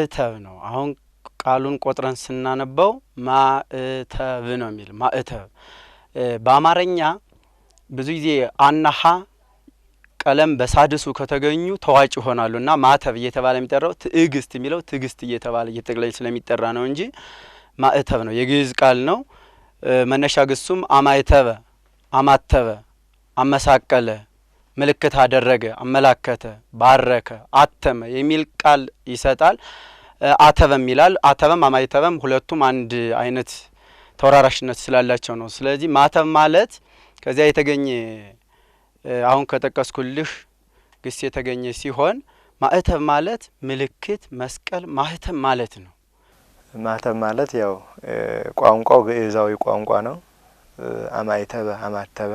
ማእተብ ነው። አሁን ቃሉን ቆጥረን ስናነበው ማእተብ ነው የሚል ማእተብ። በአማርኛ ብዙ ጊዜ አናሀ ቀለም በሳድሱ ከተገኙ ተዋጭ ይሆናሉ እና ማተብ እየተባለ የሚጠራው ትዕግስት የሚለው ትዕግስት እየተባለ እየተጠቅለል ስለሚጠራ ነው እንጂ ማእተብ ነው፣ የግዕዝ ቃል ነው። መነሻ ግሱም አማይተበ፣ አማተበ፣ አመሳቀለ ምልክት አደረገ፣ አመላከተ፣ ባረከ፣ አተመ የሚል ቃል ይሰጣል። አተበም ይላል። አተበም አማይተበም ሁለቱም አንድ አይነት ተወራራሽነት ስላላቸው ነው። ስለዚህ ማተብ ማለት ከዚያ የተገኘ አሁን ከጠቀስኩልህ ግስ የተገኘ ሲሆን ማዕተብ ማለት ምልክት፣ መስቀል ማህተብ ማለት ነው። ማህተብ ማለት ያው ቋንቋው ግዕዛዊ ቋንቋ ነው። አማይተበ አማተበ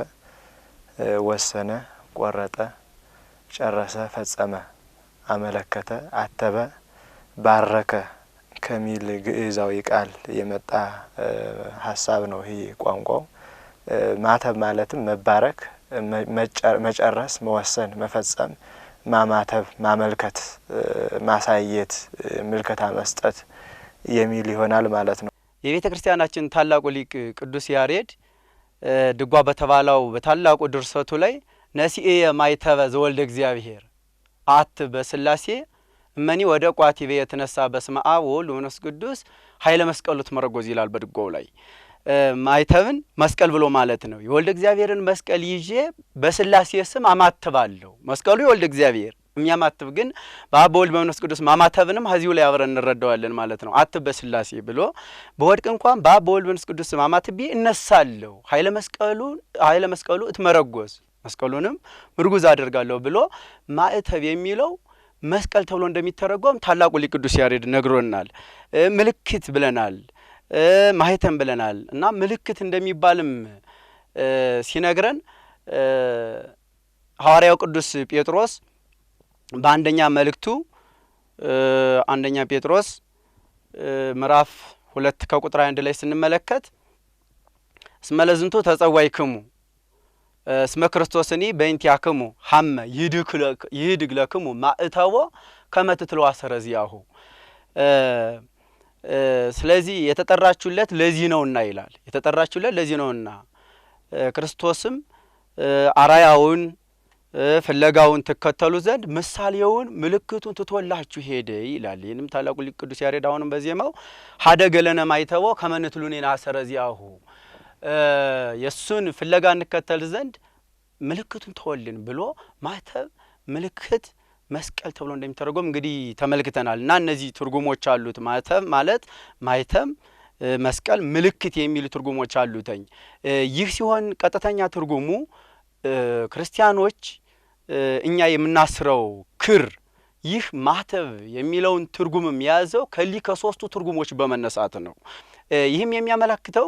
ወሰነ ቆረጠ፣ ጨረሰ፣ ፈጸመ፣ አመለከተ፣ አተበ፣ ባረከ ከሚል ግዕዛዊ ቃል የመጣ ሀሳብ ነው። ይህ ቋንቋው ማተብ ማለትም መባረክ፣ መጨረስ፣ መወሰን፣ መፈጸም፣ ማማተብ፣ ማመልከት፣ ማሳየት፣ ምልከታ መስጠት የሚል ይሆናል ማለት ነው። የቤተ ክርስቲያናችን ታላቁ ሊቅ ቅዱስ ያሬድ ድጓ በተባለው በታላቁ ድርሰቱ ላይ ነሲኤ ማይተበ ዘወልደ እግዚአብሔር አት በስላሴ እመኒ ወደ ቋቲቤ የተነሳ በስመ አብ ወወልድ ወመንፈስ ቅዱስ ኃይለ መስቀሉ ትመረጎዝ ይላል በድጓው ላይ ማይተብን መስቀል ብሎ ማለት ነው። የወልደ እግዚአብሔርን መስቀል ይዤ በስላሴ ስም አማትባለሁ። መስቀሉ የወልደ እግዚአብሔር የሚያማትብ ግን በአብ በወልድ በመንፈስ ቅዱስ ማማተብንም ከዚሁ ላይ አብረን እንረዳዋለን ማለት ነው። አትብ በስላሴ ብሎ በወድቅ እንኳን በአብ በወልድ በመንፈስ ቅዱስ ስም እነሳለሁ። ኃይለ መስቀሉ ኃይለ መስቀሉ እትመረጎዝ መስቀሉንም ምርጉዝ አደርጋለሁ ብሎ ማዕተብ የሚለው መስቀል ተብሎ እንደሚተረጎም ታላቁ ሊቅ ቅዱስ ያሬድ ነግሮናል። ምልክት ብለናል፣ ማህተም ብለናል እና ምልክት እንደሚባልም ሲነግረን ሐዋርያው ቅዱስ ጴጥሮስ በአንደኛ መልእክቱ አንደኛ ጴጥሮስ ምዕራፍ ሁለት ከቁጥር አንድ ላይ ስንመለከት እስመለዝንቱ ተጸዋይክሙ እስመ ክርስቶስኒ በእንቲአክሙ ሀመ ይህድግ ለክሙ ማእተቦ ከመትትለው አሰረዚያሁ። ስለዚህ የተጠራችሁለት ለዚህ ነውና ይላል። የተጠራችሁለት ለዚህ ነውና ክርስቶስም አራያውን ፍለጋውን ትከተሉ ዘንድ ምሳሌውን ምልክቱን ትቶላችሁ ሄደ ይላል። ይህንም ታላቁ ሊቅ ቅዱስ ያሬድ አሁንም በዜማው ሀደገ ለነ ማይተቦ ከመ ንትሉኔ አሰረዚያሁ የእሱን ፍለጋ እንከተል ዘንድ ምልክቱን ተወልን ብሎ ማተብ ምልክት መስቀል ተብሎ እንደሚተረጎም እንግዲህ ተመልክተናል እና እነዚህ ትርጉሞች አሉት። ማተብ ማለት ማይተም፣ መስቀል፣ ምልክት የሚሉ ትርጉሞች አሉተኝ። ይህ ሲሆን ቀጥተኛ ትርጉሙ ክርስቲያኖች እኛ የምናስረው ክር ይህ ማተብ የሚለውን ትርጉምም የያዘው ከሊ ከሶስቱ ትርጉሞች በመነሳት ነው። ይህም የሚያመላክተው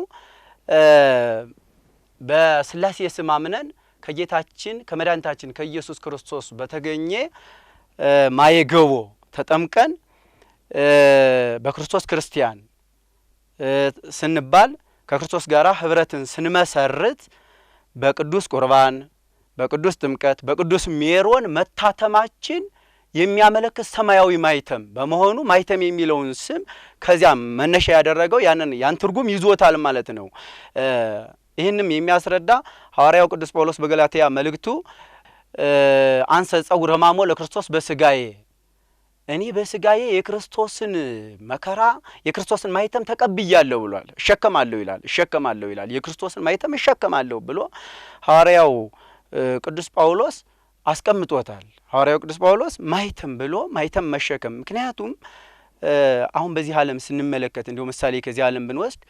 በስላሴ ስም አምነን ከጌታችን ከመድኃኒታችን ከኢየሱስ ክርስቶስ በተገኘ ማየገቦ ተጠምቀን በክርስቶስ ክርስቲያን ስንባል ከክርስቶስ ጋር ህብረትን ስንመሰርት በቅዱስ ቁርባን፣ በቅዱስ ጥምቀት፣ በቅዱስ ሜሮን መታተማችን የሚያመለክት ሰማያዊ ማይተም በመሆኑ ማይተም የሚለውን ስም ከዚያ መነሻ ያደረገው ያንን ያን ትርጉም ይዞታል ማለት ነው። ይህንም የሚያስረዳ ሐዋርያው ቅዱስ ጳውሎስ በገላትያ መልእክቱ አንሰ ጸጉረ ሕማሞ ለክርስቶስ በስጋዬ እኔ በስጋዬ የክርስቶስን መከራ የክርስቶስን ማይተም ተቀብያለሁ ብሏል። እሸከማለሁ ይላል። እሸከማለሁ ይላል። የክርስቶስን ማይተም እሸከማለሁ ብሎ ሐዋርያው ቅዱስ ጳውሎስ አስቀምጦታል። ሐዋርያው ቅዱስ ጳውሎስ ማይተም ብሎ ማይተም መሸከም። ምክንያቱም አሁን በዚህ ዓለም ስንመለከት እንደው ምሳሌ ከዚህ ዓለም ብንወስድ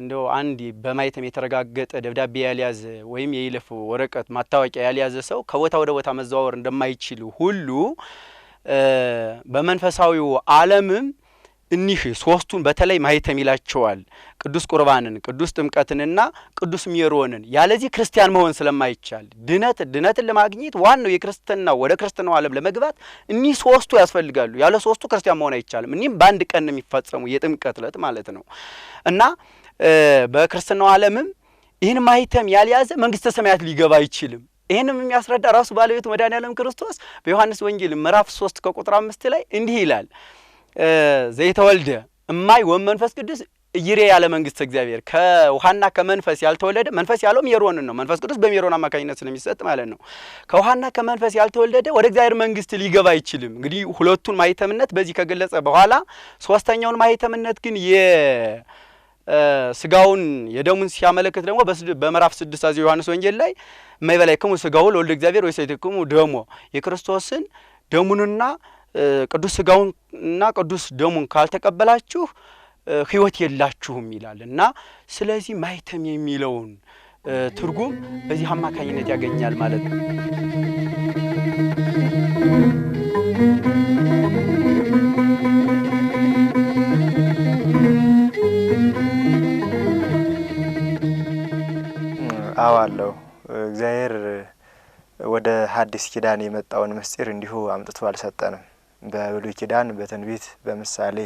እንደው አንድ በማይተም የተረጋገጠ ደብዳቤ ያልያዘ ወይም የይለፍ ወረቀት ማታወቂያ ያልያዘ ሰው ከቦታ ወደ ቦታ መዘዋወር እንደማይችል ሁሉ በመንፈሳዊው ዓለምም እኒህ ሶስቱን በተለይ ማህተም ይላቸዋል። ቅዱስ ቁርባንን፣ ቅዱስ ጥምቀትንና ቅዱስ ሜሮንን። ያለዚህ ክርስቲያን መሆን ስለማይቻል ድነት ድነትን ለማግኘት ዋናው የክርስትናው ወደ ክርስትናው ዓለም ለመግባት እኒህ ሶስቱ ያስፈልጋሉ። ያለ ሶስቱ ክርስቲያን መሆን አይቻልም። እኒህም በአንድ ቀን ነው የሚፈጸሙ የጥምቀት ዕለት ማለት ነው እና በክርስትናው ዓለምም ይህን ማህተም ያልያዘ መንግስተ ሰማያት ሊገባ አይችልም። ይህንም የሚያስረዳ ራሱ ባለቤቱ መድኃኔ ክርስቶስ በዮሐንስ ወንጌል ምዕራፍ 3 ከቁጥር አምስት ላይ እንዲህ ይላል ዘይተወልደ እማይ ወም መንፈስ ቅዱስ እይሬ ያለ መንግስት እግዚአብሔር ከውሃና ከመንፈስ ያልተወለደ መንፈስ ያለው ሜሮንን ነው። መንፈስ ቅዱስ በሜሮን አማካኝነት ስለሚሰጥ ማለት ነው። ከውሃና ከመንፈስ ያልተወለደ ወደ እግዚአብሔር መንግስት ሊገባ አይችልም። እንግዲህ ሁለቱን ማይተምነት በዚህ ከገለጸ በኋላ ሶስተኛውን ማይተምነት ግን የስጋውን የደሙን ሲያመለክት ደግሞ በምዕራፍ ስድስት አዚ ዮሐንስ ወንጌል ላይ የማይበላይክሙ ስጋው ለወልድ እግዚአብሔር ወይ ወይሰይትክሙ ደሞ የክርስቶስን ደሙንና ቅዱስ ስጋውን እና ቅዱስ ደሙን ካልተቀበላችሁ ህይወት የላችሁም ይላል እና ስለዚህ ማይተም የሚለውን ትርጉም በዚህ አማካኝነት ያገኛል ማለት ነው። አዎ አለው እግዚአብሔር ወደ ሐዲስ ኪዳን የመጣውን ምስጢር እንዲሁ አምጥቶ አልሰጠንም። በብሉይ ኪዳን በትንቢት በምሳሌ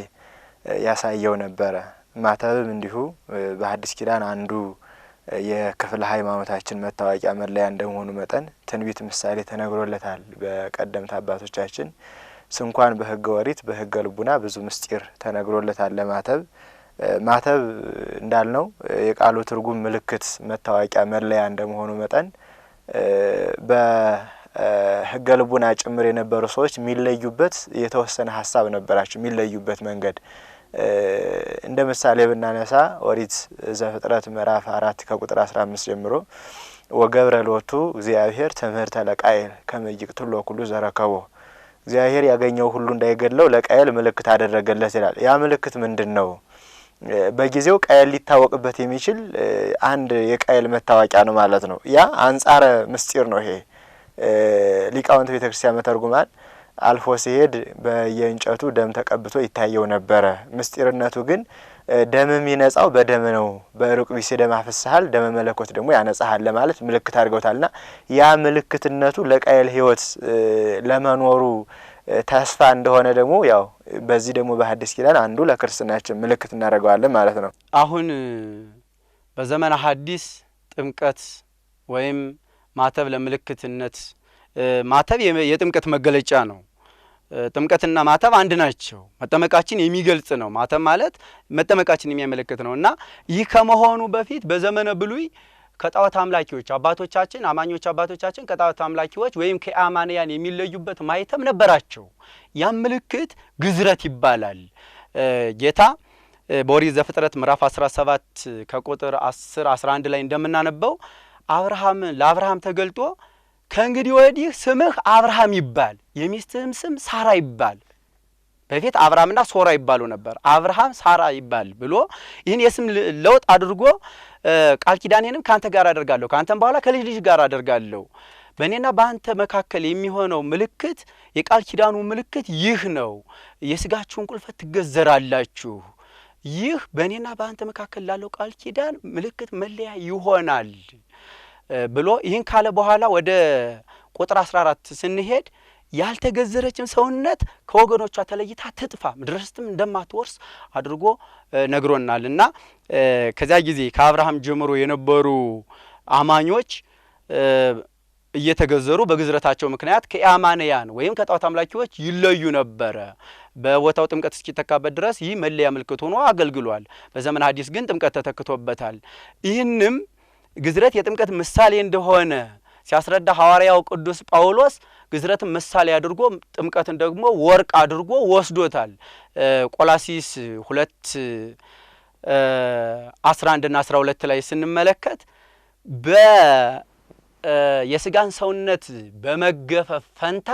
ያሳየው ነበረ። ማተብም እንዲሁ በሐዲስ ኪዳን አንዱ የክፍለ ሃይማኖታችን መታወቂያ መለያ እንደመሆኑ መጠን ትንቢት ምሳሌ ተነግሮለታል። በቀደምት አባቶቻችን ስንኳን በህገ ወሪት በህገ ልቡና ብዙ ምስጢር ተነግሮለታል ለማተብ ማተብ እንዳልነው የቃሉ ትርጉም ምልክት መታወቂያ መለያ እንደመሆኑ መጠን በ ህገ ልቡና ጭምር የነበሩ ሰዎች የሚለዩበት የተወሰነ ሀሳብ ነበራቸው። የሚለዩበት መንገድ እንደ ምሳሌ ብናነሳ ኦሪት ዘፍጥረት ምዕራፍ አራት ከቁጥር አስራ አምስት ጀምሮ ወገብረ ሎቱ እግዚአብሔር ትምህርተ ለቃየል ከመ ይቅትሎ ኩሉ ዘረከቦ እግዚአብሔር ያገኘው ሁሉ እንዳይገድለው ለቃየል ምልክት አደረገለት ይላል። ያ ምልክት ምንድን ነው? በጊዜው ቃየል ሊታወቅበት የሚችል አንድ የቃየል መታወቂያ ነው ማለት ነው። ያ አንጻረ ምስጢር ነው ይሄ ሊቃውንት ቤተ ክርስቲያን መተርጉማን አልፎ ሲሄድ በየእንጨቱ ደም ተቀብቶ ይታየው ነበረ። ምስጢርነቱ ግን ደም የሚነጻው በደም ነው። በሩቅ ቢሴ ደም አፍስሃል ደመ መለኮት ደግሞ ያነጻሃል ለማለት ምልክት አድርገውታልና ያ ምልክትነቱ ለቃየል ሕይወት ለመኖሩ ተስፋ እንደሆነ ደግሞ ያው በዚህ ደግሞ በሐዲስ ኪዳን አንዱ ለክርስትናችን ምልክት እናደርገዋለን ማለት ነው። አሁን በዘመነ ሐዲስ ጥምቀት ወይም ማተብ ለምልክትነት ማተብ የጥምቀት መገለጫ ነው። ጥምቀትና ማተብ አንድ ናቸው። መጠመቃችን የሚገልጽ ነው። ማተብ ማለት መጠመቃችን የሚያመለክት ነው እና ይህ ከመሆኑ በፊት በዘመነ ብሉይ ከጣዖት አምላኪዎች አባቶቻችን አማኞች አባቶቻችን ከጣዖት አምላኪዎች ወይም ከአማንያን የሚለዩበት ማይተም ነበራቸው። ያም ምልክት ግዝረት ይባላል። ጌታ በኦሪት ዘፍጥረት ምዕራፍ 17 ከቁጥር 10 11 ላይ እንደምናነበው አብርሃም ለአብርሃም ተገልጦ ከእንግዲህ ወዲህ ስምህ አብርሃም ይባል፣ የሚስትህም ስም ሳራ ይባል። በፊት አብርሃምና ሶራ ይባሉ ነበር። አብርሃም ሳራ ይባል ብሎ ይህን የስም ለውጥ አድርጎ ቃል ኪዳኔንም ከአንተ ጋር አደርጋለሁ፣ ከአንተም በኋላ ከልጅ ልጅ ጋር አደርጋለሁ። በእኔና በአንተ መካከል የሚሆነው ምልክት የቃል ኪዳኑ ምልክት ይህ ነው፣ የስጋችሁን ቁልፈት ትገዘራላችሁ። ይህ በእኔና በአንተ መካከል ላለው ቃል ኪዳን ምልክት መለያ ይሆናል። ብሎ ይህን ካለ በኋላ ወደ ቁጥር 14 ስንሄድ ያልተገዘረችም ሰውነት ከወገኖቿ ተለይታ ትጥፋ ምድረስትም እንደማትወርስ አድርጎ ነግሮናል እና ከዚያ ጊዜ ከአብርሃም ጀምሮ የነበሩ አማኞች እየተገዘሩ በግዝረታቸው ምክንያት ከአማንያን ወይም ከጣዖት አምላኪዎች ይለዩ ነበረ። በቦታው ጥምቀት እስኪተካበት ድረስ ይህ መለያ ምልክት ሆኖ አገልግሏል። በዘመነ ሐዲስ ግን ጥምቀት ተተክቶበታል። ይህንም ግዝረት የጥምቀት ምሳሌ እንደሆነ ሲያስረዳ ሐዋርያው ቅዱስ ጳውሎስ ግዝረትን ምሳሌ አድርጎ ጥምቀትን ደግሞ ወርቅ አድርጎ ወስዶታል። ቆላሲስ ሁለት አስራ አንድና አስራ ሁለት ላይ ስንመለከት በ የስጋን ሰውነት በመገፈፍ ፈንታ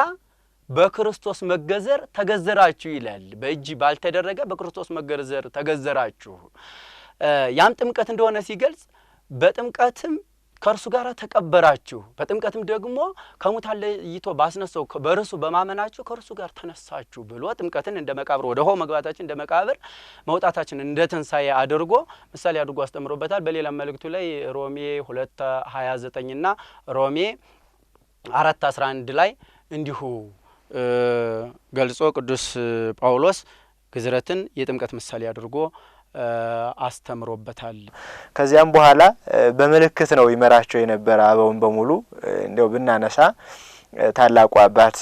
በክርስቶስ መገዘር ተገዘራችሁ ይላል። በእጅ ባልተደረገ በክርስቶስ መገዘር ተገዘራችሁ። ያም ጥምቀት እንደሆነ ሲገልጽ በጥምቀትም ከእርሱ ጋር ተቀበራችሁ፣ በጥምቀትም ደግሞ ከሙታን ለይቶ ባስነሳው በእርሱ በማመናችሁ ከእርሱ ጋር ተነሳችሁ ብሎ ጥምቀትን እንደ መቃብር ወደ ሆ መግባታችን እንደ መቃብር መውጣታችን እንደ ትንሳኤ አድርጎ ምሳሌ አድርጎ አስተምሮበታል። በሌላ መልእክቱ ላይ ሮሜ ሁለት ሀያ ዘጠኝና ሮሜ አራት አስራ አንድ ላይ እንዲሁ ገልጾ ቅዱስ ጳውሎስ ግዝረትን የጥምቀት ምሳሌ አድርጎ አስተምሮበታል። ከዚያም በኋላ በምልክት ነው ይመራቸው የነበረ አበውን በሙሉ እንዲያው ብናነሳ ታላቁ አባት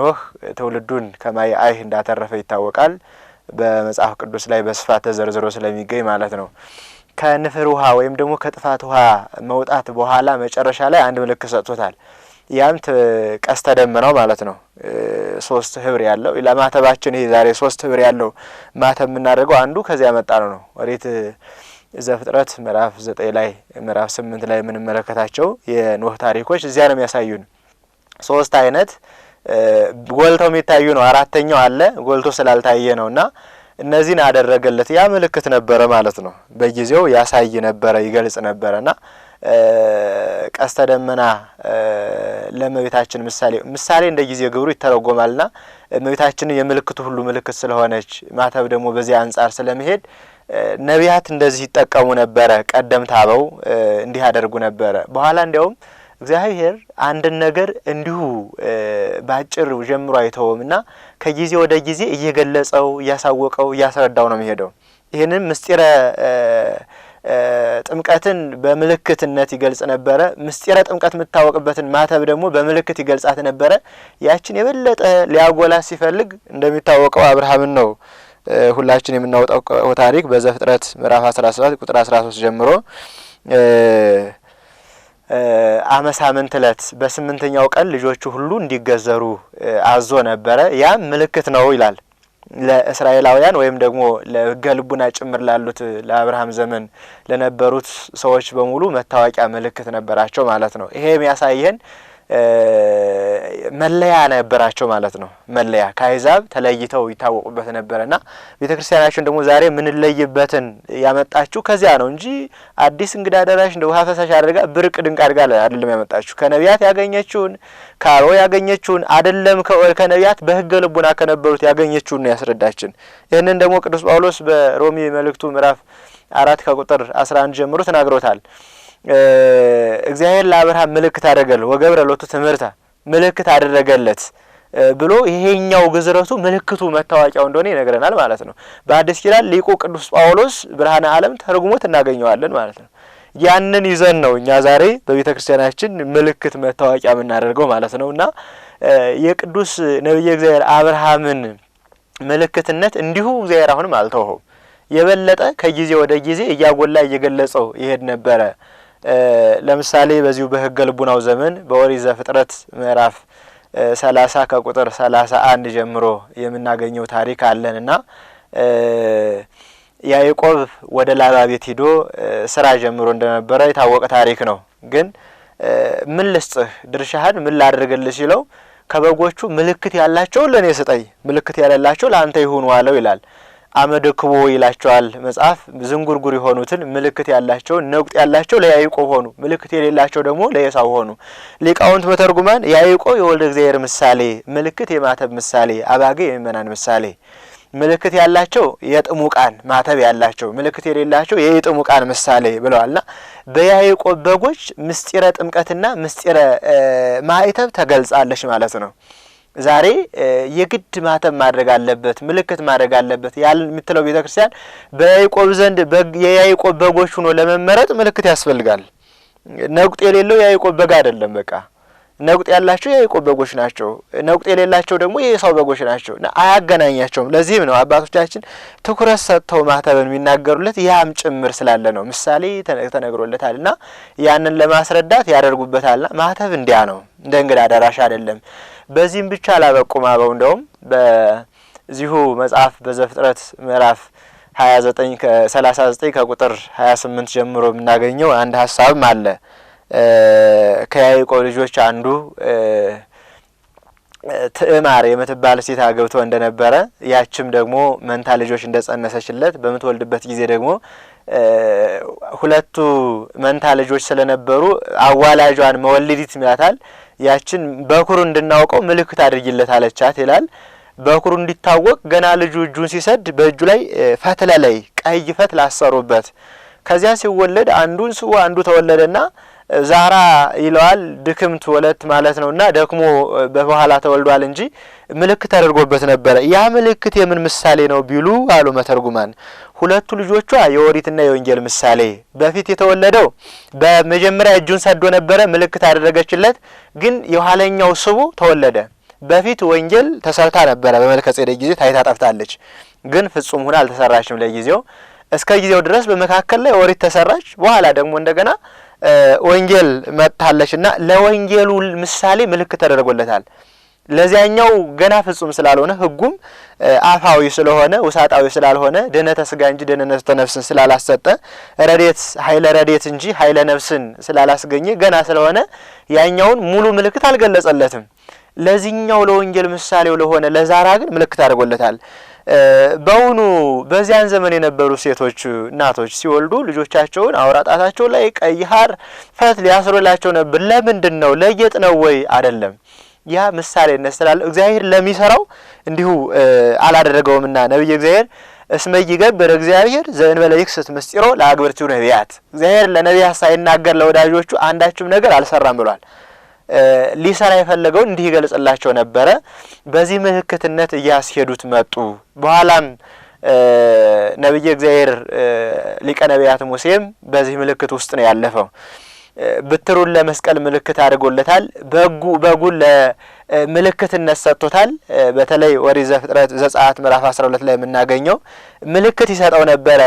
ኖህ ትውልዱን ከማይ አይህ እንዳተረፈ ይታወቃል። በመጽሐፍ ቅዱስ ላይ በስፋት ተዘርዝሮ ስለሚገኝ ማለት ነው። ከንፍር ውሃ ወይም ደግሞ ከጥፋት ውሃ መውጣት በኋላ መጨረሻ ላይ አንድ ምልክት ሰጥቶታል። ያም ቀስተ ደመናው ማለት ነው። ሶስት ህብር ያለው ለማተባችን ይሄ ዛሬ ሶስት ህብር ያለው ማተብ የምናደርገው አንዱ ከዚያ መጣ ነው ነው ዘፍጥረት ምዕራፍ ዘጠኝ ላይ ምዕራፍ ስምንት ላይ የምንመለከታቸው የኖህ ታሪኮች እዚያ ነው የሚያሳዩን። ሶስት አይነት ጎልተው የሚታዩ ነው። አራተኛው አለ ጎልቶ ስላልታየ ነው እና እነዚህን አደረገለት። ያ ምልክት ነበረ ማለት ነው። በጊዜው ያሳይ ነበረ፣ ይገልጽ ነበረ ና ቀስተ ደመና ለእመቤታችን ምሳሌ ምሳሌ እንደ ጊዜ ግብሩ ይተረጎማልና እመቤታችንን የምልክቱ ሁሉ ምልክት ስለሆነች ማተብ ደግሞ በዚያ አንጻር ስለመሄድ ነቢያት እንደዚህ ይጠቀሙ ነበረ። ቀደምት አበው እንዲህ ያደርጉ ነበረ። በኋላ እንዲያውም እግዚአብሔር አንድን ነገር እንዲሁ በአጭር ጀምሮ አይተውምና ከጊዜ ወደ ጊዜ እየገለጸው እያሳወቀው እያስረዳው ነው የሚሄደው። ይህንን ምስጢረ ጥምቀትን በምልክትነት ይገልጽ ነበረ። ምስጢረ ጥምቀት የምታወቅበትን ማተብ ደግሞ በምልክት ይገልጻት ነበረ። ያችን የበለጠ ሊያጎላ ሲፈልግ እንደሚታወቀው አብርሃምን ነው ሁላችን የምናወጣው ታሪክ በዘፍጥረት ምዕራፍ 17 ቁጥር 13 ጀምሮ አመሳምንት ዕለት በስምንተኛው ቀን ልጆቹ ሁሉ እንዲገዘሩ አዞ ነበረ። ያም ምልክት ነው ይላል። ለእስራኤላውያን ወይም ደግሞ ለህገ ልቡና ጭምር ላሉት ለአብርሃም ዘመን ለነበሩት ሰዎች በሙሉ መታወቂያ ምልክት ነበራቸው ማለት ነው። ይሄ የሚያሳየን መለያ ነበራቸው ማለት ነው። መለያ ከአሕዛብ ተለይተው ይታወቁበት ነበረ እና ቤተ ክርስቲያናችን ደግሞ ዛሬ ምንለይበትን ያመጣችሁ ከዚያ ነው እንጂ አዲስ እንግዳ ደራሽ እንደ ውሃ ፈሳሽ አድርጋ ብርቅ ድንቅ አድርጋ አይደለም ያመጣችሁ። ከነቢያት ያገኘችውን ካሮ ያገኘችውን አይደለም ከነቢያት በህገ ልቡና ከነበሩት ያገኘችውን ነው ያስረዳችን። ይህንን ደግሞ ቅዱስ ጳውሎስ በሮሚ መልእክቱ ምዕራፍ አራት ከቁጥር አስራ አንድ ጀምሮ ተናግሮታል። እግዚአብሔር ለአብርሃም ምልክት አደረገለት ወገብረ ሎቱ ትምህርታ ምልክት አደረገለት ብሎ ይሄኛው ግዝረቱ ምልክቱ መታወቂያው እንደሆነ ይነግረናል ማለት ነው። በአዲስ ኪዳን ሊቁ ቅዱስ ጳውሎስ ብርሃነ ዓለም ተርጉሞት እናገኘዋለን ማለት ነው። ያንን ይዘን ነው እኛ ዛሬ በቤተ ክርስቲያናችን ምልክት መታወቂያ የምናደርገው ማለት ነው እና የቅዱስ ነቢየ እግዚአብሔር አብርሃምን ምልክትነት እንዲሁ እግዚአብሔር አሁንም አልተውኸውም። የበለጠ ከጊዜ ወደ ጊዜ እያጎላ እየገለጸው ይሄድ ነበረ። ለምሳሌ በዚሁ በህገ ልቡናው ዘመን በኦሪት ዘፍጥረት ምዕራፍ ሰላሳ ከቁጥር ሰላሳ አንድ ጀምሮ የምናገኘው ታሪክ አለንና ያዕቆብ ወደ ላባ ቤት ሂዶ ስራ ጀምሮ እንደነበረ የታወቀ ታሪክ ነው። ግን ምን ልስጥህ፣ ድርሻህን ምን ላድርግልህ ሲለው ከበጎቹ ምልክት ያላቸው ለእኔ ስጠኝ፣ ምልክት ያለላቸው ለአንተ ይሁኑ አለው ይላል። አመደክቦ ይላቸዋል መጽሐፍ። ዝንጉርጉር የሆኑትን ምልክት ያላቸው ነቁጥ ያላቸው ለያዕቆብ ሆኑ፣ ምልክት የሌላቸው ደግሞ ለኤሳው ሆኑ። ሊቃውንት መተርጉማን ያዕቆብ የወልደ እግዚአብሔር ምሳሌ፣ ምልክት የማተብ ምሳሌ፣ አባጌ የምእመናን ምሳሌ ምልክት ያላቸው የጥሙቃን ማተብ ያላቸው ምልክት የሌላቸው የጥሙቃን ምሳሌ ብለዋልና በያዕቆብ በጎች ምስጢረ ጥምቀትና ምስጢረ ማዕተብ ተገልጻለች ማለት ነው። ዛሬ የግድ ማተብ ማድረግ አለበት፣ ምልክት ማድረግ አለበት ያል የምትለው ቤተ ክርስቲያን ዘንድ የያይቆብ በጎች ሆኖ ለመመረጥ ምልክት ያስፈልጋል። ነቁጥ የሌለው የያይቆብ በግ አይደለም። በቃ ነቁጥ ያላቸው የያይቆብ በጎች ናቸው። ነቁጥ የሌላቸው ደግሞ የኤሳው በጎች ናቸው። አያገናኛቸውም። ለዚህም ነው አባቶቻችን ትኩረት ሰጥተው ማተብን የሚናገሩለት ያም ጭምር ስላለ ነው። ምሳሌ ተነግሮለታልና ያንን ለማስረዳት ያደርጉበታልና ማተብ እንዲያ ነው። እንደ እንግዳ አዳራሽ አይደለም። በዚህም ብቻ አላበቁም አበው እንደውም በዚሁ መጽሐፍ በዘፍጥረት ምዕራፍ 29 ከ39 ከቁጥር 28 ጀምሮ የምናገኘው አንድ ሀሳብም አለ። ከያዕቆብ ልጆች አንዱ ትዕማር የምትባል ሴት አግብቶ እንደነበረ ያችም ደግሞ መንታ ልጆች እንደጸነሰችለት በምትወልድበት ጊዜ ደግሞ ሁለቱ መንታ ልጆች ስለነበሩ አዋላጇን መወልዲት ይላታል። ያችን በኩር እንድናውቀው ምልክት አድርጊለት አለቻት ይላል። በኩሩ እንዲታወቅ ገና ልጁ እጁን ሲሰድ በእጁ ላይ ፈትለ ላይ ቀይ ፈትል አሰሩበት። ከዚያ ሲወለድ አንዱን ስዋ አንዱ ተወለደና ዛራ ይለዋል። ድክምት ወለት ማለት እና ደክሞ በኋላ ተወልዷል እንጂ ምልክት ተደርጎበት ነበረ። ያ ምልክት የምን ምሳሌ ነው ቢሉ አሉ መተርጉማን ሁለቱ ልጆቿ የኦሪትና የወንጌል ምሳሌ። በፊት የተወለደው በመጀመሪያ እጁን ሰዶ ነበረ፣ ምልክት አደረገችለት። ግን የኋለኛው ስቡ ተወለደ። በፊት ወንጌል ተሰርታ ነበረ፣ በመልከ ጼዴቅ ጊዜ ታይታ ጠፍታለች። ግን ፍጹም ሁና አልተሰራችም ለጊዜው። እስከ ጊዜው ድረስ በመካከል ላይ ኦሪት ተሰራች። በኋላ ደግሞ እንደገና ወንጌል መጥታለች እና ለወንጌሉ ምሳሌ ምልክት ተደርጎለታል። ለዚያኛው ገና ፍጹም ስላልሆነ ህጉም አፋዊ ስለሆነ ውሳጣዊ ስላልሆነ ድህነተ ስጋ እንጂ ድህነተ ነፍስን ስላላሰጠ ረዴት ሀይለ ረዴት እንጂ ሀይለ ነፍስን ስላላስገኘ ገና ስለሆነ ያኛውን ሙሉ ምልክት አልገለጸለትም። ለዚህኛው ለወንጌል ምሳሌው ለሆነ ለዛራ ግን ምልክት አድርጎለታል። በውኑ በዚያን ዘመን የነበሩ ሴቶች እናቶች ሲወልዱ ልጆቻቸውን አውራጣታቸው ላይ ቀይ ሐር ፈት ሊያስሩላቸው ነበር። ለምንድን ነው? ለጌጥ ነው ወይ? አይደለም። ያ ምሳሌ ስላለ እግዚአብሔር ለሚሰራው እንዲሁ አላደረገውምና ነቢየ እግዚአብሔር እስመ ይገብር እግዚአብሔር ዘእንበለ ይክስት ምስጢሮ ለአግብርቲው ነቢያት እግዚአብሔር ለነቢያት ሳይናገር ለወዳጆቹ አንዳችም ነገር አልሰራም ብሏል። ሊሰራ የፈለገው እንዲህ ይገልጽላቸው ነበረ። በዚህ ምልክትነት እያስሄዱት መጡ። በኋላም ነቢየ እግዚአብሔር ሊቀ ነቢያት ሙሴም በዚህ ምልክት ውስጥ ነው ያለፈው። ብትሩን ለመስቀል ምልክት አድርጎለታል። በጉ በጉን ምልክትነት ሰጥቶታል። በተለይ ኦሪት ዘፍጥረት ዘጸአት ምዕራፍ 12 ላይ የምናገኘው ምልክት ይሰጠው ነበረ።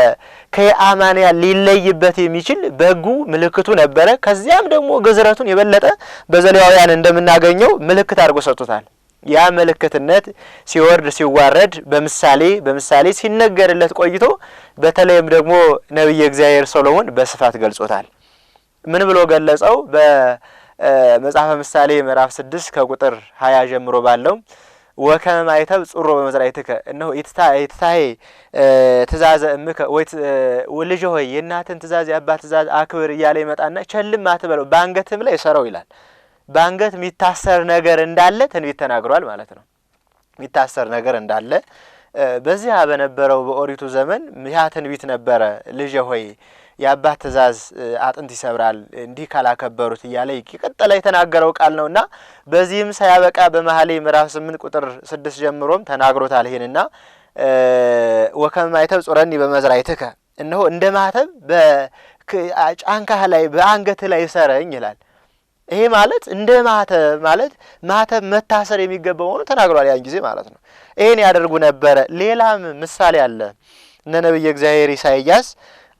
ከአማንያ ሊለይበት የሚችል በጉ ምልክቱ ነበረ። ከዚያም ደግሞ ግዝረቱን የበለጠ በዘሌዋውያን እንደምናገኘው ምልክት አድርጎ ሰጥቶታል። ያ ምልክትነት ሲወርድ ሲዋረድ በምሳሌ በምሳሌ ሲነገርለት ቆይቶ በተለይም ደግሞ ነቢየ እግዚአብሔር ሰሎሞን በስፋት ገልጾታል። ምን ብሎ ገለጸው? መጽሐፈ ምሳሌ ምዕራፍ ስድስት ከቁጥር ሀያ ጀምሮ ባለው ወከመ ማይተብ ጽሮ በመዝራእትከ እነሆ የትታሄ ትእዛዘ እምከ ወይ ልጅ ሆይ የእናትን ትእዛዝ የአባት ትእዛዝ አክብር እያለ ይመጣና ቸልም አትበለው በአንገትም ላይ ሰረው ይላል። በአንገት የሚታሰር ነገር እንዳለ ትንቢት ተናግሯል ማለት ነው። የሚታሰር ነገር እንዳለ በዚያ በነበረው በኦሪቱ ዘመን ያ ትንቢት ነበረ። ልጅ ሆይ የአባት ትእዛዝ አጥንት ይሰብራል፣ እንዲህ ካላከበሩት እያለ የቀጠለ የተናገረው ቃል ነውና በዚህም ሳያበቃ በመሀሌ ምዕራፍ ስምንት ቁጥር ስድስት ጀምሮም ተናግሮታል። ይሄንና ወከመ ማኅተብ ጹረኒ በመዝራዕትከ እነሆ እንደ ማኅተብ በጫንካህ ላይ በአንገት ላይ ሰረኝ ይላል። ይሄ ማለት እንደ ማኅተብ ማለት ማተብ መታሰር የሚገባው ሆኖ ተናግሯል። ያን ጊዜ ማለት ነው። ይሄን ያደርጉ ነበረ። ሌላም ምሳሌ አለ። እነ ነቢየ እግዚአብሔር ኢሳይያስ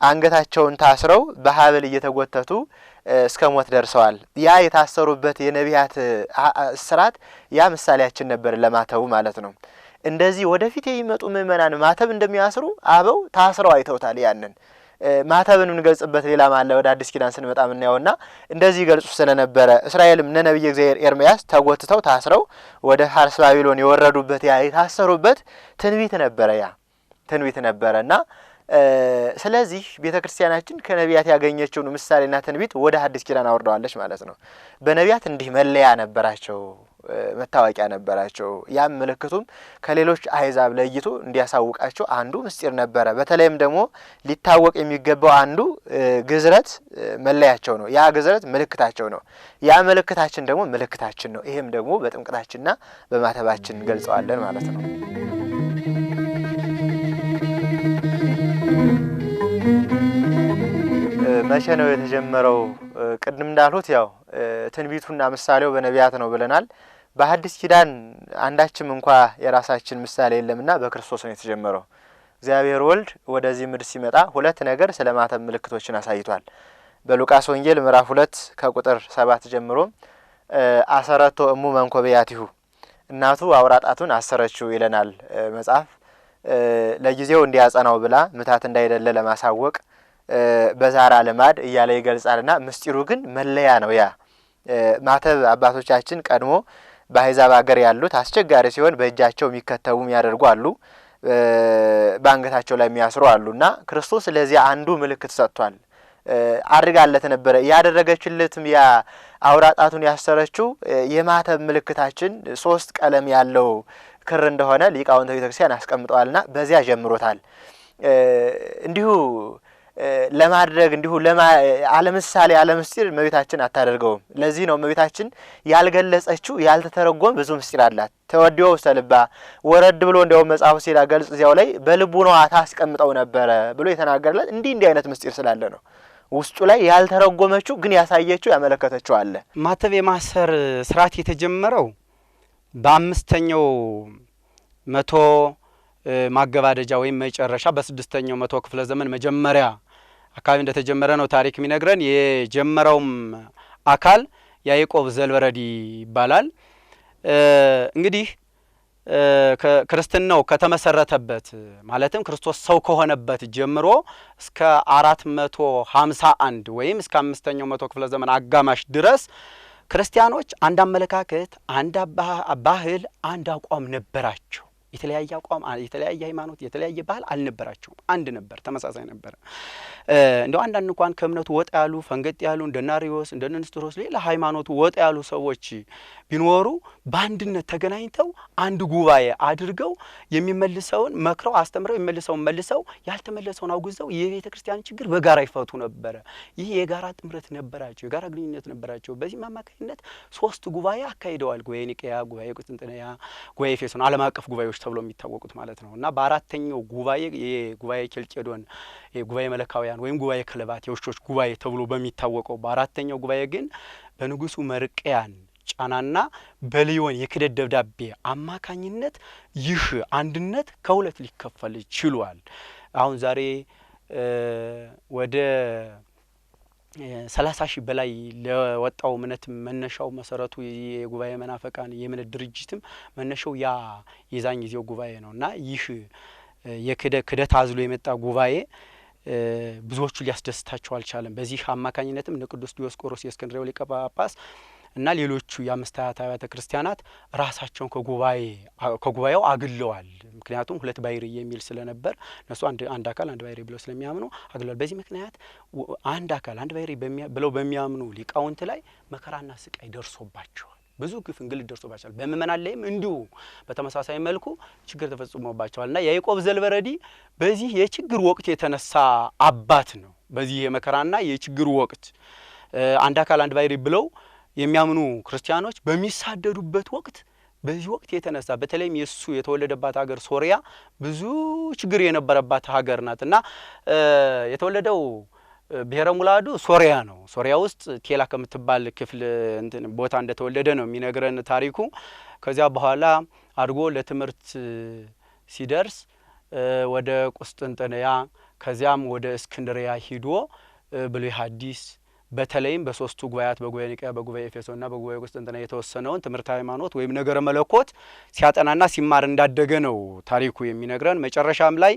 አንገታቸውን ታስረው በሀብል እየተጎተቱ እስከ ሞት ደርሰዋል። ያ የታሰሩበት የነቢያት እስራት ያ ምሳሌያችን ነበር ለማተቡ ማለት ነው። እንደዚህ ወደፊት የሚመጡ ምእመናን ማተብ እንደሚያስሩ አበው ታስረው አይተውታል። ያንን ማተብን የምንገልጽበት ሌላም አለ። ወደ አዲስ ኪዳን ስንመጣ ምናየውና እንደዚህ ገልጹ ስለነበረ እስራኤልም እነ ነቢየ እግዚአብሔር ኤርምያስ ተጎትተው ታስረው ወደ ፋርስ ባቢሎን የወረዱበት ያ የታሰሩበት ትንቢት ነበረ ያ ትንቢት ነበረ እና ስለዚህ ቤተ ክርስቲያናችን ከነቢያት ያገኘችውን ምሳሌና ትንቢት ወደ ሐዲስ ኪዳን አወርደዋለች ማለት ነው። በነቢያት እንዲህ መለያ ነበራቸው፣ መታወቂያ ነበራቸው። ያም ምልክቱም ከሌሎች አሕዛብ ለይቶ እንዲያሳውቃቸው አንዱ ምስጢር ነበረ። በተለይም ደግሞ ሊታወቅ የሚገባው አንዱ ግዝረት መለያቸው ነው። ያ ግዝረት ምልክታቸው ነው። ያ ምልክታችን ደግሞ ምልክታችን ነው። ይህም ደግሞ በጥምቀታችንና በማተባችን እንገልጸዋለን ማለት ነው። መቼ ነው የተጀመረው? ቅድም እንዳልሁት ያው ትንቢቱና ምሳሌው በነቢያት ነው ብለናል። በሐዲስ ኪዳን አንዳችም እንኳ የራሳችን ምሳሌ የለምና በክርስቶስ ነው የተጀመረው። እግዚአብሔር ወልድ ወደዚህ ምድር ሲመጣ ሁለት ነገር ስለ ማተብ ምልክቶችን አሳይቷል። በሉቃስ ወንጌል ምዕራፍ ሁለት ከቁጥር ሰባት ጀምሮ አሰረቶ እሙ መንኮብያቲሁ እናቱ አውራጣቱን አሰረችው ይለናል መጽሐፍ። ለጊዜው እንዲያጸናው ብላ ምታት እንዳይደለ ለማሳወቅ በዛራ ልማድ እያለ ይገልጻልና ምስጢሩ ግን መለያ ነው። ያ ማተብ አባቶቻችን ቀድሞ በአሕዛብ ሀገር ያሉት አስቸጋሪ ሲሆን በእጃቸው የሚከተቡ የሚያደርጉ አሉ፣ በአንገታቸው ላይ የሚያስሩ አሉና ክርስቶስ ለዚያ አንዱ ምልክት ሰጥቷል። አድርጋለት ነበረ። ያደረገችለትም ያ አውራጣቱን ያሰረችው የማተብ ምልክታችን ሶስት ቀለም ያለው ክር እንደሆነ ሊቃውንተ ቤተክርስቲያን አስቀምጠዋልና በዚያ ጀምሮታል እንዲሁ ለማድረግ እንዲሁ አለምሳሌ አለምስጢር እመቤታችን አታደርገውም። ለዚህ ነው እመቤታችን ያልገለጸችው ያልተተረጎም ብዙ ምስጢር አላት። ተወዲዮ ውስተ ልባ ወረድ ብሎ እንዲያውም መጽሐፉ ሲላ ገልጽ እዚያው ላይ በልቡናዋ ታስቀምጠው ነበረ ብሎ የተናገረላት እንዲህ እንዲህ አይነት ምስጢር ስላለ ነው። ውስጡ ላይ ያልተረጎመችው ግን ያሳየችው ያመለከተችው አለ። ማተብ የማሰር ስርዓት የተጀመረው በአምስተኛው መቶ ማገባደጃ ወይም መጨረሻ በስድስተኛው መቶ ክፍለ ዘመን መጀመሪያ አካባቢ እንደተጀመረ ነው ታሪክ የሚነግረን። የጀመረውም አካል ያዕቆብ ዘልበረዲ ይባላል። እንግዲህ ክርስትናው ከተመሰረተበት ማለትም ክርስቶስ ሰው ከሆነበት ጀምሮ እስከ አራት መቶ ሀምሳ አንድ ወይም እስከ አምስተኛው መቶ ክፍለ ዘመን አጋማሽ ድረስ ክርስቲያኖች አንድ አመለካከት፣ አንድ ባህል፣ አንድ አቋም ነበራቸው። የተለያየ አቋም፣ የተለያየ ሃይማኖት፣ የተለያየ ባህል አልነበራቸውም። አንድ ነበር፣ ተመሳሳይ ነበረ። እንደ አንዳንድ እንኳን ከእምነቱ ወጣ ያሉ ፈንገጥ ያሉ እንደ ናሪዎስ እንደ ንስጥሮስ ሌላ ሃይማኖቱ ወጣ ያሉ ሰዎች ቢኖሩ በአንድነት ተገናኝተው አንድ ጉባኤ አድርገው የሚመልሰውን መክረው አስተምረው የሚመልሰውን መልሰው ያልተመለሰውን አውግዘው የቤተ ክርስቲያን ችግር በጋራ ይፈቱ ነበረ። ይህ የጋራ ጥምረት ነበራቸው፣ የጋራ ግንኙነት ነበራቸው። በዚህም አማካኝነት ሶስት ጉባኤ አካሂደዋል። ጉባኤ ኒቅያ፣ ጉባኤ ቁስጥንጥንያ፣ ጉባኤ ኤፌሶን አለም አቀፍ ጉባኤዎች ተብሎ የሚታወቁት ማለት ነው እና በአራተኛው ጉባኤ የጉባኤ ኬልቄዶን የጉባኤ መለካውያን ወይም ጉባኤ ክልባት የውሾች ጉባኤ ተብሎ በሚታወቀው በአራተኛው ጉባኤ ግን በንጉሱ መርቅያን ጫናና በሊዮን የክደት ደብዳቤ አማካኝነት ይህ አንድነት ከሁለት ሊከፈል ችሏል። አሁን ዛሬ ወደ ሰላሳ ሺህ በላይ ለወጣው እምነት መነሻው መሰረቱ የጉባኤ መናፈቃን የእምነት ድርጅትም መነሻው ያ የዛን ጊዜው ጉባኤ ነው እና ይህ የክደት አዝሎ የመጣ ጉባኤ ብዙዎቹ ሊያስደስታቸው አልቻለም። በዚህ አማካኝነትም እነ ቅዱስ ዲዮስቆሮስ የእስክንድርያው ሊቀ ጳጳስ እና ሌሎቹ የአምስት አብያተ አብያተ ክርስቲያናት ራሳቸውን ከጉባኤው አግለዋል። ምክንያቱም ሁለት ባይሬ የሚል ስለነበር እነሱ አንድ አካል አንድ ባሕርይ ብለው ስለሚያምኑ አግለዋል። በዚህ ምክንያት አንድ አካል አንድ ባሕርይ ብለው በሚያምኑ ሊቃውንት ላይ መከራና ስቃይ ደርሶባቸዋል። ብዙ ግፍ እንግልት ደርሶባቸዋል። በምእመናን ላይም እንዲሁ በተመሳሳይ መልኩ ችግር ተፈጽሞባቸዋል እና ያዕቆብ ዘልበረዲ በዚህ የችግር ወቅት የተነሳ አባት ነው። በዚህ የመከራና የችግር ወቅት አንድ አካል አንድ ባሕርይ ብለው የሚያምኑ ክርስቲያኖች በሚሳደዱበት ወቅት በዚህ ወቅት የተነሳ በተለይም የእሱ የተወለደባት ሀገር ሶሪያ ብዙ ችግር የነበረባት ሀገር ናት እና የተወለደው ብሔረ ሙላዱ ሶሪያ ነው። ሶሪያ ውስጥ ቴላ ከምትባል ክፍል ቦታ እንደተወለደ ነው የሚነግረን ታሪኩ። ከዚያ በኋላ አድጎ ለትምህርት ሲደርስ ወደ ቁስጥንጥንያ ከዚያም ወደ እስክንድሪያ ሂዶ ብሉይ ሐዲስ በተለይም በሶስቱ ጉባኤያት በጉባኤ ኒቅያ፣ በጉባኤ ና በጉባኤ ቁስጥንጥና የተወሰነውን ትምህርት ሃይማኖት ወይም ነገረ መለኮት ሲያጠናና ሲማር እንዳደገ ነው ታሪኩ የሚነግረን። መጨረሻም ላይ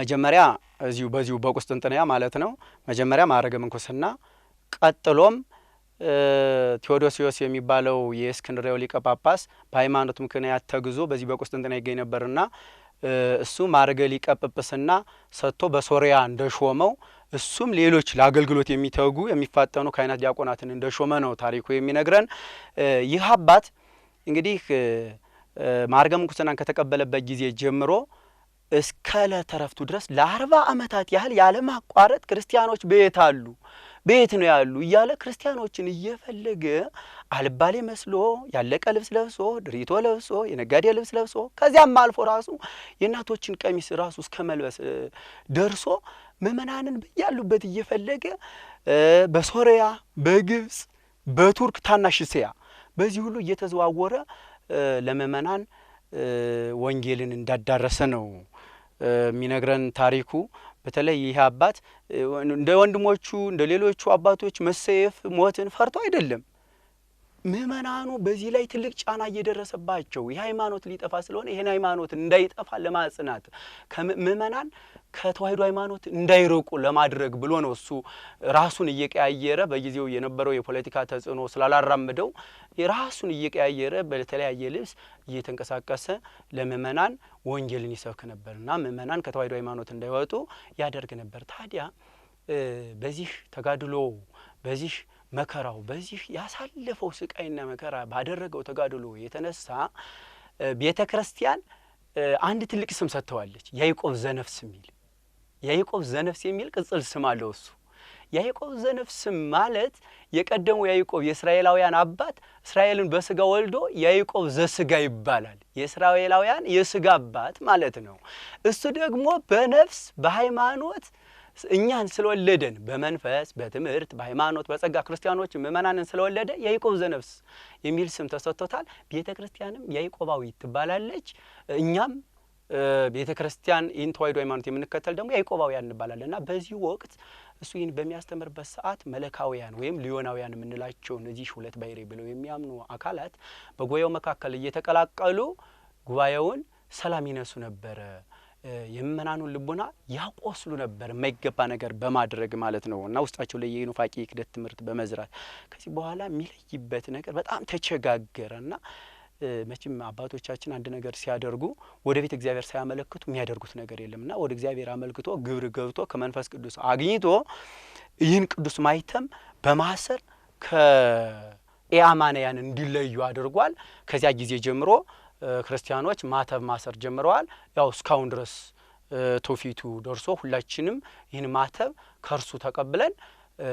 መጀመሪያ እዚሁ በዚሁ በቁስጥንጥንያ ማለት ነው መጀመሪያ ማዕረገ ምንኩስና ቀጥሎም ቴዎዶሲዮስ የሚባለው የእስክንድርያው ሊቀ ጳጳስ በሃይማኖት ምክንያት ተግዞ በዚህ በቁስጥንጥንያ ይገኝ ነበርና እሱ ማዕረገ ሊቀ ጵጵስና ሰጥቶ በሶሪያ እንደሾመው እሱም ሌሎች ለአገልግሎት የሚተጉ የሚፋጠኑ ካህናት ዲያቆናትን እንደሾመ ነው ታሪኩ የሚነግረን። ይህ አባት እንግዲህ ማርገም ምንኩስናን ከተቀበለበት ጊዜ ጀምሮ እስከ ለተረፍቱ ድረስ ለአርባ ዓመታት ያህል ያለማቋረጥ ክርስቲያኖች በየት አሉ በየት ነው ያሉ እያለ ክርስቲያኖችን እየፈለገ አልባሌ መስሎ ያለቀ ልብስ ለብሶ ድሪቶ ለብሶ የነጋዴ ልብስ ለብሶ ከዚያም አልፎ ራሱ የእናቶችን ቀሚስ ራሱ እስከ መልበስ ደርሶ ምእመናንን በያሉበት እየፈለገ በሶሪያ፣ በግብፅ፣ በቱርክ ታናሽ እስያ በዚህ ሁሉ እየተዘዋወረ ለምእመናን ወንጌልን እንዳዳረሰ ነው የሚነግረን ታሪኩ። በተለይ ይህ አባት እንደ ወንድሞቹ እንደ ሌሎቹ አባቶች መሰየፍ ሞትን ፈርቶ አይደለም። ምእመናኑ በዚህ ላይ ትልቅ ጫና እየደረሰባቸው የሃይማኖት ሊጠፋ ስለሆነ ይህን ሃይማኖት እንዳይጠፋ ለማጽናት ምእመናን ከተዋሕዶ ሃይማኖት እንዳይርቁ ለማድረግ ብሎ ነው እሱ ራሱን እየቀያየረ በጊዜው የነበረው የፖለቲካ ተጽዕኖ ስላላራምደው ራሱን እየቀያየረ በተለያየ ልብስ እየተንቀሳቀሰ ለምእመናን ወንጌልን ይሰብክ ነበርና ምእመናን ከተዋሕዶ ሃይማኖት እንዳይወጡ ያደርግ ነበር። ታዲያ በዚህ ተጋድሎ በዚህ መከራው በዚህ ያሳለፈው ስቃይና መከራ ባደረገው ተጋድሎ የተነሳ ቤተ ክርስቲያን አንድ ትልቅ ስም ሰጥተዋለች። ያዕቆብ ዘነፍስ የሚል ያዕቆብ ዘነፍስ የሚል ቅጽል ስም አለው እሱ ያዕቆብ ዘነፍስም ማለት የቀደሙ ያይቆብ የእስራኤላውያን አባት እስራኤልን በስጋ ወልዶ ያይቆብ ዘስጋ ይባላል። የእስራኤላውያን የስጋ አባት ማለት ነው። እሱ ደግሞ በነፍስ በሃይማኖት እኛን ስለወለደን በመንፈስ በትምህርት በሃይማኖት በጸጋ ክርስቲያኖች ምእመናንን ስለወለደ ያዕቆብ ዘነፍስ የሚል ስም ተሰጥቶታል። ቤተ ክርስቲያንም ያዕቆባዊ ትባላለች። እኛም ቤተ ክርስቲያን ይህን ተዋሕዶ ሃይማኖት የምንከተል ደግሞ ያዕቆባውያን እንባላለን እና በዚህ ወቅት እሱ ይህን በሚያስተምርበት ሰዓት መለካውያን ወይም ሊዮናውያን የምንላቸው እነዚህ ሁለት ባሕርይ ብለው የሚያምኑ አካላት በጉባኤው መካከል እየተቀላቀሉ ጉባኤውን ሰላም ይነሱ ነበረ። የምእመናኑን ልቦና ያቆስሉ ነበር፣ የማይገባ ነገር በማድረግ ማለት ነው እና ውስጣቸው ላይ የኑፋቄ ክህደት ትምህርት በመዝራት ከዚህ በኋላ የሚለይበት ነገር በጣም ተቸጋገረ እና መቼም አባቶቻችን አንድ ነገር ሲያደርጉ ወደ ቤት እግዚአብሔር ሳያመለክቱ የሚያደርጉት ነገር እና ወደ እግዚአብሔር አመልክቶ ግብር ገብቶ ከመንፈስ ቅዱስ አግኝቶ ይህን ቅዱስ ማይተም በማሰር ከኤአማንያን እንዲለዩ አድርጓል። ከዚያ ጊዜ ጀምሮ ክርስቲያኖች ማተብ ማሰር ጀምረዋል። ያው እስካሁን ድረስ ትውፊቱ ደርሶ ሁላችንም ይህን ማተብ ከእርሱ ተቀብለን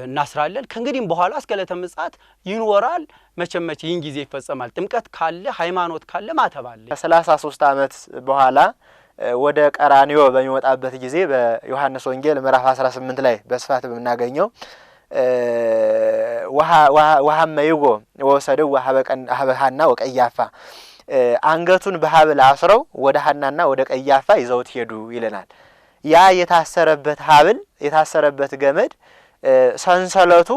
እናስራለን። ከእንግዲህም በኋላ እስከ ዕለተ ምጽአት ይኖራል። መቼም መቼ ይህን ጊዜ ይፈጸማል። ጥምቀት ካለ ሃይማኖት ካለ ማተብ አለ። ከሰላሳ ሶስት ዓመት በኋላ ወደ ቀራኒዮ በሚወጣበት ጊዜ በዮሐንስ ወንጌል ምዕራፍ 18 ላይ በስፋት በምናገኘው ውሃ ወሀመይጎ ወሰደው ሀበ ሐና ወቀያፋ አንገቱን በሀብል አስረው ወደ ሀናና ወደ ቀያፋ ይዘውት ሄዱ ይለናል። ያ የታሰረበት ሀብል የታሰረበት ገመድ ሰንሰለቱ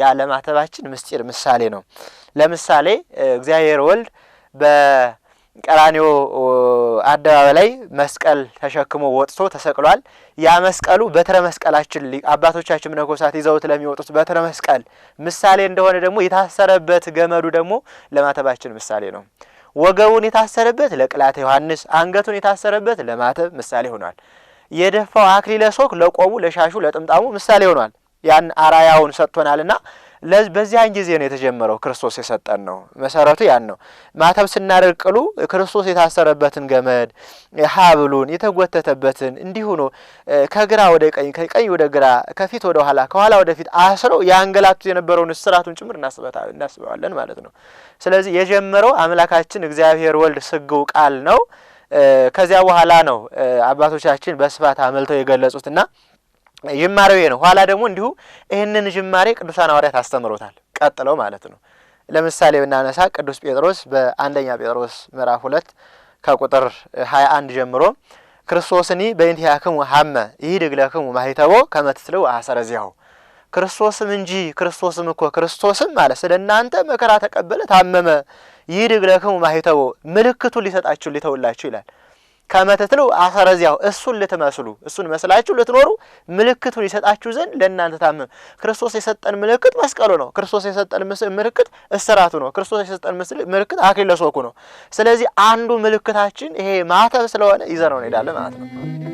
ያለማተባችን ምስጢር ምሳሌ ነው። ለምሳሌ እግዚአብሔር ወልድ በቀራንዮ አደባባይ ላይ መስቀል ተሸክሞ ወጥቶ ተሰቅሏል። ያ መስቀሉ በትረ መስቀላችን አባቶቻችን መነኮሳት ይዘውት ለሚወጡት በትረ መስቀል ምሳሌ እንደሆነ ደግሞ የታሰረበት ገመዱ ደግሞ ለማተባችን ምሳሌ ነው። ወገቡን የታሰረበት ለቅላተ ዮሐንስ፣ አንገቱን የታሰረበት ለማተብ ምሳሌ ሆኗል። የደፋው አክሊለ ሶክ ለቆቡ፣ ለሻሹ፣ ለጥምጣሙ ምሳሌ ሆኗል። ያን አራያውን ሰጥቶናልና በዚያን ጊዜ ነው የተጀመረው። ክርስቶስ የሰጠን ነው መሰረቱ ያን ነው። ማተብ ስናደርግ ቅሉ ክርስቶስ የታሰረበትን ገመድ ሀብሉን የተጎተተበትን እንዲሁ ነው። ከግራ ወደ ቀኝ፣ ከቀኝ ወደ ግራ፣ ከፊት ወደ ኋላ፣ ከኋላ ወደ ፊት አስረው የአንገላቱት የነበረውን እስራቱን ጭምር እናስበዋለን ማለት ነው። ስለዚህ የጀመረው አምላካችን እግዚአብሔር ወልድ ስግው ቃል ነው። ከዚያ በኋላ ነው አባቶቻችን በስፋት አመልተው የገለጹትና ጅማሬው ይሄ ነው። ኋላ ደግሞ እንዲሁ ይህንን ጅማሬ ቅዱሳን ሐዋርያት አስተምሮታል ቀጥለው ማለት ነው። ለምሳሌ ብናነሳ ቅዱስ ጴጥሮስ በአንደኛ ጴጥሮስ ምዕራፍ ሁለት ከቁጥር ሀያ አንድ ጀምሮ ክርስቶስኒ በእንቲአክሙ ሀመ ይህ ማኅተቦ ከመ ከመትትልው አሰረዚያው ክርስቶስም እንጂ ክርስቶስም እኮ ክርስቶስም ማለት ስለ እናንተ መከራ ተቀበለ ታመመ ይህ ይህድግለክሙ ማኅተቦ ምልክቱ ሊሰጣችሁ ሊተውላችሁ ይላል ከመትትሉ አፈረ ዚያሁ እሱን ልትመስሉ እሱን መስላችሁ ልትኖሩ ምልክቱን ይሰጣችሁ ዘንድ ለእናንተ ታመም። ክርስቶስ የሰጠን ምልክት መስቀሉ ነው። ክርስቶስ የሰጠን ምልክት እስራቱ ነው። ክርስቶስ የሰጠን ምልክት አክሊለ ሦኩ ነው። ስለዚህ አንዱ ምልክታችን ይሄ ማተብ ስለሆነ ይዘነው እንሄዳለን ማለት ነው።